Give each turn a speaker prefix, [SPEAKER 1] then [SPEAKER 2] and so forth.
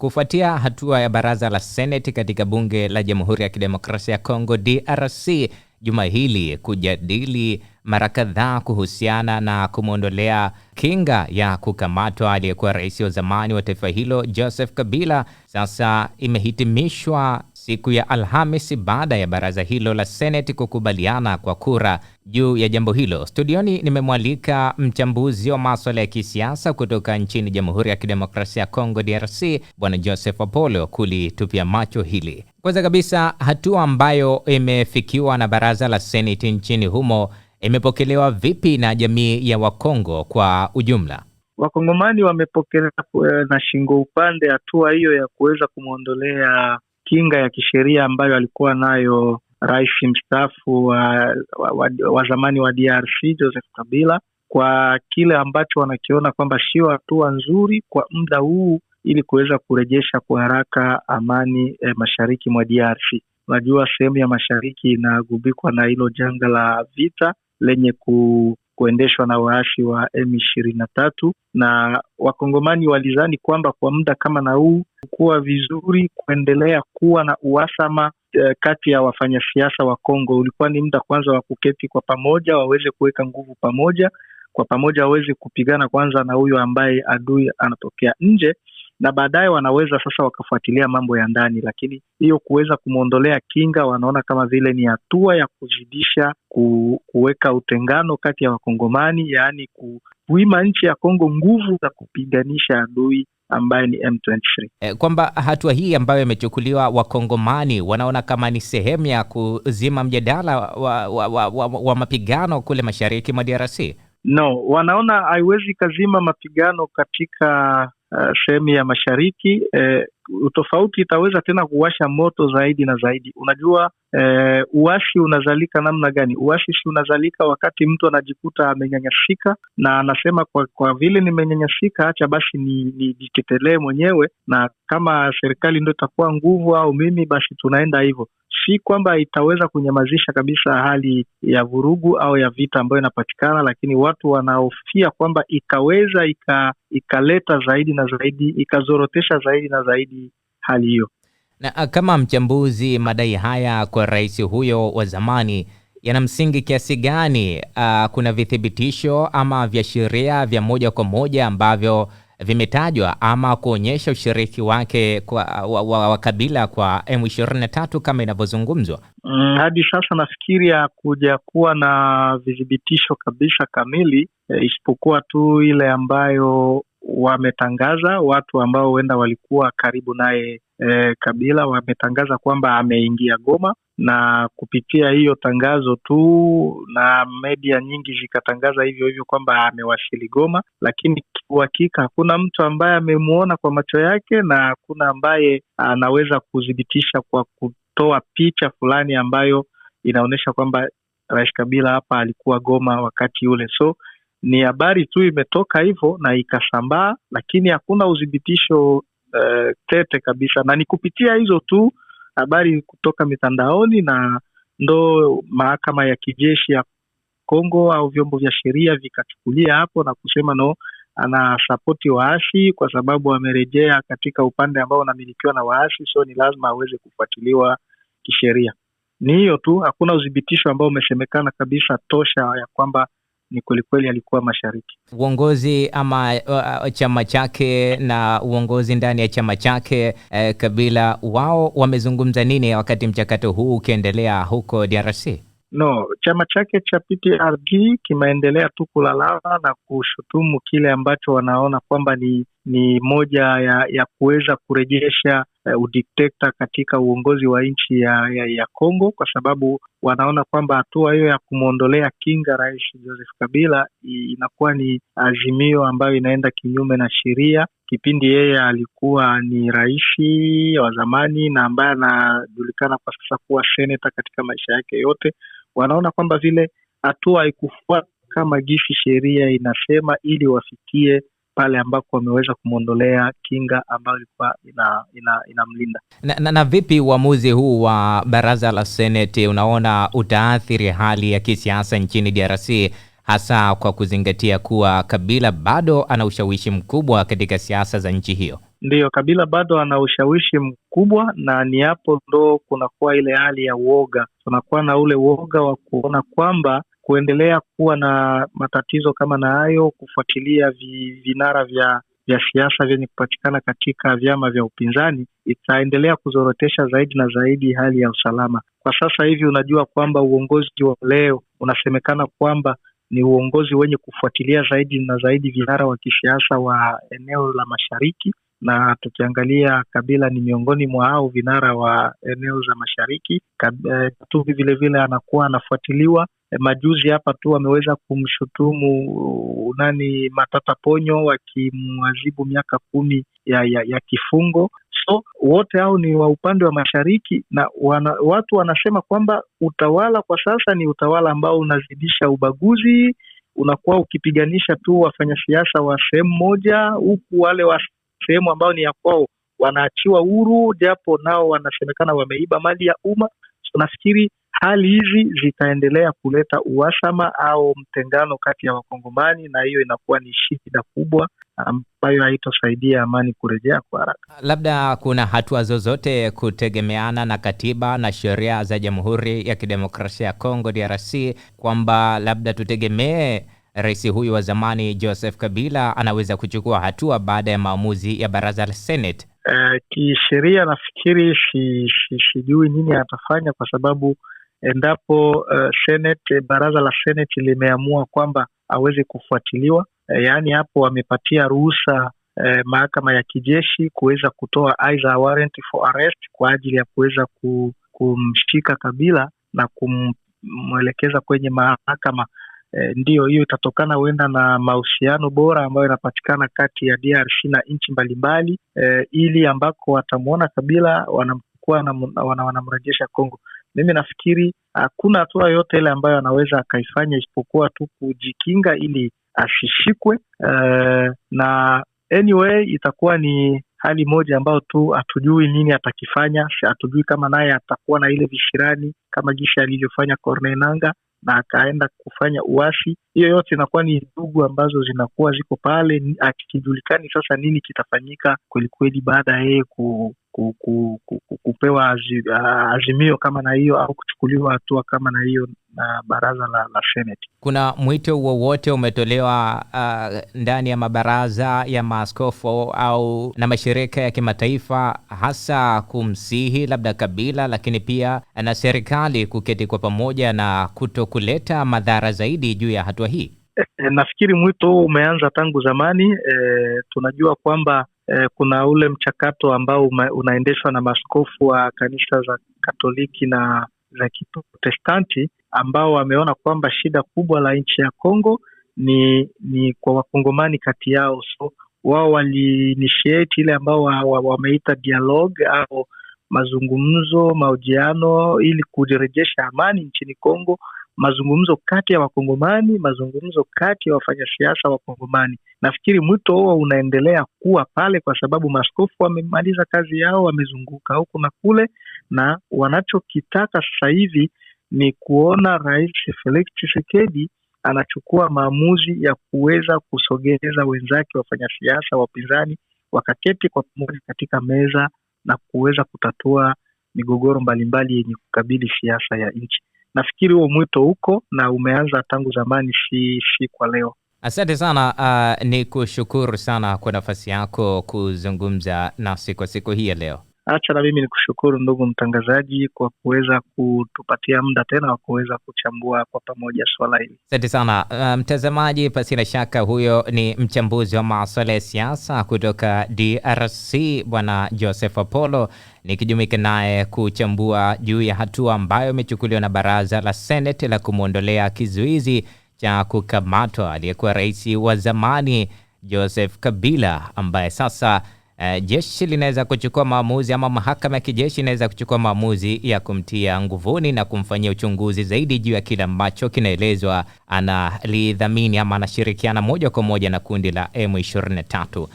[SPEAKER 1] Kufuatia hatua ya baraza la seneti katika bunge la Jamhuri ya Kidemokrasia ya Kongo DRC juma hili kujadili mara kadhaa kuhusiana na kumwondolea kinga ya kukamatwa aliyekuwa rais wa zamani wa taifa hilo Joseph Kabila, sasa imehitimishwa siku ya Alhamis baada ya baraza hilo la Seneti kukubaliana kwa kura juu ya jambo hilo. Studioni nimemwalika mchambuzi wa maswala ya kisiasa kutoka nchini Jamhuri ya Kidemokrasia ya Kongo DRC, Bwana Joseph Apollo kulitupia macho hili. Kwanza kabisa, hatua ambayo imefikiwa na baraza la Seneti nchini humo imepokelewa vipi na jamii ya Wakongo kwa ujumla?
[SPEAKER 2] Wakongomani wamepokelea eh, na shingo upande hatua hiyo ya kuweza kumwondolea kinga ya kisheria ambayo alikuwa nayo rais mstaafu wa, wa, wa, wa zamani wa DRC Joseph Kabila kwa kile ambacho wanakiona kwamba sio hatua nzuri kwa muda huu ili kuweza kurejesha kwa haraka amani eh, mashariki mwa DRC. Unajua sehemu ya mashariki inagubikwa na hilo janga la vita lenye kuendeshwa na waasi wa m ishirini na tatu na wakongomani walizani kwamba kwa muda kama na huu kuwa vizuri kuendelea kuwa na uhasama eh, kati ya wafanyasiasa wa Kongo. Ulikuwa ni muda kwanza wa kuketi kwa pamoja, waweze kuweka nguvu pamoja, kwa pamoja waweze kupigana kwanza na huyo ambaye adui anatokea nje na baadaye wanaweza sasa wakafuatilia mambo ya ndani, lakini hiyo kuweza kumwondolea kinga, wanaona kama vile ni hatua ya kuzidisha ku, kuweka utengano kati ya Wakongomani, yaani kuima nchi ya Kongo nguvu za kupiganisha adui ambaye ni m E,
[SPEAKER 1] eh, kwamba hatua hii ambayo imechukuliwa, Wakongomani wanaona kama ni sehemu ya kuzima mjadala wa, wa, wa, wa, wa mapigano kule mashariki mwa DRC.
[SPEAKER 2] No, wanaona haiwezi ikazima mapigano katika uh, sehemu ya mashariki eh, utofauti itaweza tena kuwasha moto zaidi na zaidi. Unajua eh, uwashi unazalika namna gani? uwashi si unazalika wakati mtu anajikuta amenyanyasika na anasema kwa, kwa vile nimenyanyasika, hacha basi nijitetele ni mwenyewe, na kama serikali ndo itakuwa nguvu au mimi, basi tunaenda hivyo si kwamba itaweza kunyamazisha kabisa hali ya vurugu au ya vita ambayo inapatikana, lakini watu wanahofia kwamba itaweza ikaleta ika zaidi na zaidi ikazorotesha zaidi na zaidi hali hiyo.
[SPEAKER 1] Na ah, kama mchambuzi, madai haya kwa rais huyo wa zamani yana msingi kiasi gani? Uh, kuna vithibitisho ama viashiria vya moja kwa moja ambavyo vimetajwa ama kuonyesha ushiriki wake kwa, wa, wa, wa kabila kwa M23 kama inavyozungumzwa.
[SPEAKER 2] Mm, hadi sasa nafikiri hakuja kuwa na vithibitisho kabisa kamili e, isipokuwa tu ile ambayo wametangaza watu ambao huenda walikuwa karibu naye e, Kabila wametangaza kwamba ameingia Goma, na kupitia hiyo tangazo tu na media nyingi zikatangaza hivyo hivyo kwamba amewasili Goma, lakini kiuhakika hakuna mtu ambaye amemwona kwa macho yake na hakuna ambaye anaweza kuthibitisha kwa kutoa picha fulani ambayo inaonyesha kwamba Rais Kabila hapa alikuwa Goma wakati ule so ni habari tu imetoka hivyo na ikasambaa, lakini hakuna uthibitisho uh, tete kabisa, na ni kupitia hizo tu habari kutoka mitandaoni, na ndo mahakama ya kijeshi ya Kongo au vyombo vya sheria vikachukulia hapo na kusema no, ana sapoti waasi kwa sababu amerejea katika upande ambao unamilikiwa na waasi, sio ni lazima aweze kufuatiliwa kisheria. Ni hiyo tu, hakuna uthibitisho ambao umesemekana kabisa tosha ya kwamba ni kwelikweli alikuwa mashariki.
[SPEAKER 1] Uongozi ama uh, uh, chama chake na uongozi ndani ya chama chake uh, Kabila wao wamezungumza nini wakati mchakato huu ukiendelea huko DRC?
[SPEAKER 2] No, chama chake cha ptrd kimeendelea tu kulalama na kushutumu kile ambacho wanaona kwamba ni ni moja ya, ya kuweza kurejesha uh, eh, udiktekta katika uongozi wa nchi ya, ya, ya congo kwa sababu wanaona kwamba hatua hiyo ya kumwondolea kinga Rais Joseph Kabila inakuwa ni azimio ambayo inaenda kinyume na sheria, kipindi yeye alikuwa ni rahisi wa zamani na ambaye anajulikana kwa sasa kuwa seneta katika maisha yake yote wanaona kwamba vile hatua haikufuata kama gisi sheria inasema, ili wafikie pale ambako wameweza kumwondolea kinga ambayo ilikuwa inamlinda
[SPEAKER 1] ina, ina na, na vipi uamuzi huu wa baraza la seneti unaona utaathiri hali ya kisiasa nchini DRC hasa kwa kuzingatia kuwa Kabila bado ana ushawishi mkubwa katika siasa za nchi hiyo?
[SPEAKER 2] Ndiyo, Kabila bado ana ushawishi mkubwa, na ni hapo ndo kunakuwa ile hali ya uoga, tunakuwa na ule uoga wa kuona kwamba kuendelea kuwa na matatizo kama na hayo, kufuatilia vi, vinara vya vya siasa vyenye kupatikana katika vyama vya upinzani itaendelea kuzorotesha zaidi na zaidi hali ya usalama. Kwa sasa hivi, unajua kwamba uongozi wa leo unasemekana kwamba ni uongozi wenye kufuatilia zaidi na zaidi vinara wa kisiasa wa eneo la mashariki na tukiangalia Kabila ni miongoni mwa au vinara wa eneo za mashariki. Eh, Katuvi vilevile anakuwa anafuatiliwa. Eh, majuzi hapa tu ameweza kumshutumu uh, nani Matata Ponyo wakimwazibu miaka kumi ya, ya, ya kifungo. So wote hao ni wa upande wa mashariki na wana, watu wanasema kwamba utawala kwa sasa ni utawala ambao unazidisha ubaguzi unakuwa ukipiganisha tu wafanyasiasa wa sehemu moja, huku wale wa sehemu ambayo ni ya kwao wanaachiwa huru, japo nao wanasemekana wameiba mali ya umma. So nafikiri hali hizi zitaendelea kuleta uhasama au mtengano kati ya Wakongomani, na hiyo inakuwa ni shida kubwa ambayo haitosaidia amani kurejea kwa haraka.
[SPEAKER 1] Labda kuna hatua zozote kutegemeana na katiba na sheria za Jamhuri ya Kidemokrasia ya Kongo DRC kwamba labda tutegemee Rais huyu wa zamani Joseph Kabila anaweza kuchukua hatua baada ya maamuzi ya baraza la Senate.
[SPEAKER 2] Uh, kisheria nafikiri sijui shi, shi, nini atafanya kwa sababu endapo uh, Senate, baraza la Senate limeamua kwamba aweze kufuatiliwa uh, yaani hapo wamepatia ruhusa uh, mahakama ya kijeshi kuweza kutoa either warrant for arrest kwa ajili ya kuweza kumshika Kabila na kumwelekeza kwenye mahakama Eh, ndiyo hiyo itatokana huenda na mahusiano bora ambayo inapatikana kati ya DRC na nchi mbalimbali e, ili ambako watamwona Kabila wanamchukua wanamrejesha congo Mimi nafikiri hakuna hatua yoyote ile ambayo anaweza akaifanya isipokuwa tu kujikinga ili asishikwe. E, eh, na anyway itakuwa ni hali moja ambayo tu hatujui nini atakifanya, hatujui kama naye atakuwa na ile visirani kama jishi alivyofanya Corneille nanga na akaenda kufanya uasi. Hiyo yote inakuwa ni ndugu ambazo zinakuwa ziko pale, akijulikani sasa nini kitafanyika kwelikweli baada ya yeye ku, ku, ku, ku, kupewa azimio kama na hiyo au kuchukuliwa hatua kama na hiyo na baraza la, la Seneti.
[SPEAKER 1] Kuna mwito wowote umetolewa uh, ndani ya mabaraza ya maaskofu au na mashirika ya kimataifa hasa kumsihi labda Kabila, lakini pia na serikali kuketi kwa pamoja na kuto kuleta madhara zaidi juu ya hatua hii?
[SPEAKER 2] E, nafikiri mwito huu umeanza tangu zamani. E, tunajua kwamba e, kuna ule mchakato ambao unaendeshwa na maaskofu wa kanisa za Katoliki na za Kiprotestanti ambao wameona kwamba shida kubwa la nchi ya Kongo ni ni kwa wakongomani kati yao, so wao waliinitiate ile ambao wameita wa, wa dialogue au mazungumzo mahojiano, ili kurejesha amani nchini Kongo, mazungumzo kati ya wakongomani, mazungumzo kati ya wafanyasiasa wakongomani. Nafikiri mwito huo unaendelea kuwa pale, kwa sababu maskofu wamemaliza kazi yao, wamezunguka huku na kule, na wanachokitaka sasa hivi ni kuona Rais Felix Tshisekedi anachukua maamuzi ya kuweza kusogeza wenzake wafanyasiasa wapinzani wakaketi kwa pamoja katika meza na kuweza kutatua migogoro mbalimbali yenye kukabili siasa ya nchi. Nafikiri huo mwito huko na umeanza tangu zamani, si si kwa leo.
[SPEAKER 1] Asante sana. Uh, ni kushukuru sana kwa nafasi yako kuzungumza nasi kwa siku hii ya leo.
[SPEAKER 2] Acha na mimi nikushukuru ndugu mtangazaji kwa kuweza kutupatia muda tena wa kuweza kuchambua kwa pamoja swala hili.
[SPEAKER 1] Asante sana uh, mtazamaji. Um, pasina shaka huyo ni mchambuzi wa masuala ya siasa kutoka DRC Bwana Joseph Apollo nikijumuika naye kuchambua juu ya hatua ambayo imechukuliwa na baraza la senate la kumwondolea kizuizi cha kukamatwa aliyekuwa rais wa zamani Joseph Kabila ambaye sasa Uh, jeshi linaweza kuchukua maamuzi ama mahakama ya kijeshi inaweza kuchukua maamuzi ya kumtia nguvuni na kumfanyia uchunguzi zaidi juu ya kile ambacho kinaelezwa analidhamini ama anashirikiana moja kwa moja na kundi la M23.